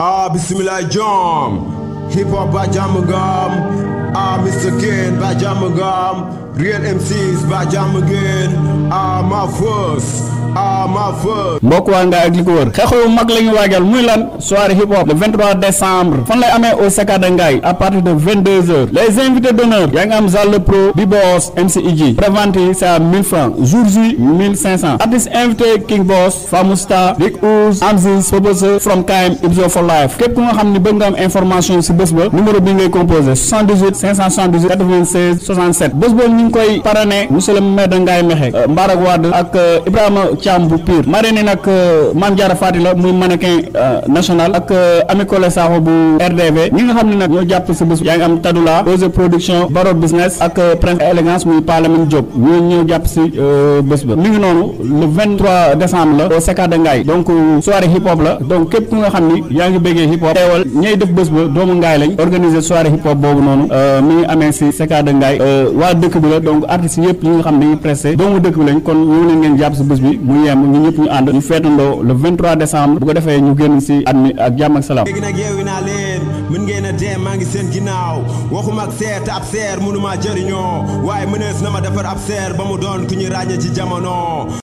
Ah, Bismillah Jam, Hip Hop by Jamagam, Ah, Mr. Ken by Jamagam, Real MCs by Jamagam, Ah, my first. Ah ma veuve. ak li ko wër xew mag hip hop le 23 décembre fan lay amé au CK Ngay à partir de 22h les invités d'honneur Yangam ngi am Pro Bibos MC IG. prévente c'est à 1000 francs jour J 1500 artistes invités King Boss Famusta, Big Ouz Amzis, Pobose From Time, Ibzo for Life Kep ko nga nga information si bëss ba numéro bi ngay composé 78 578 96 67 bés ba Parane, ngi koy parané monsieur le maire de Thiam bu Pire marraine nag euh, Mame a Fati la muy mannequin euh, national ak euh, Ami Collé Sakho bu RDV ñi nga xam ne nag ñoo jàpp si bés yaa ngi am Tadoula production Baro business ak Prince élégance muy Parlement jàpp si bés ba mi ngi noonu le 23 décembre la au Secka de Ngaye donc hip hop la donc képp ku nga xam ni yaa ngi bëggee hip hop teewal ñay def bés ba doomu Ngaye lañ organiser soirée hip hop boobu noonu mi ngi amee si Secka de Ngaye waa dëkk bi la donc artistes yëpp ñi nga xam ne dañuy pressé doomu dëkk bi lañ kon ñoo leen ngeen jàpp si bés bi bi mu yem ñu ñëpp ñu ànd ñu feetandoo le 23 décembre bu ko defee ñu génn si at mi ak jàmm ak salaam. léegi nag yeewi naa leen mën ngeen a dee maa ngi seen ginnaaw waxuma ak seer te ab seer mënuma jëriñoo waaye mënees na ma defar ab seer ba mu doon ku ñu ràññee ci jamono.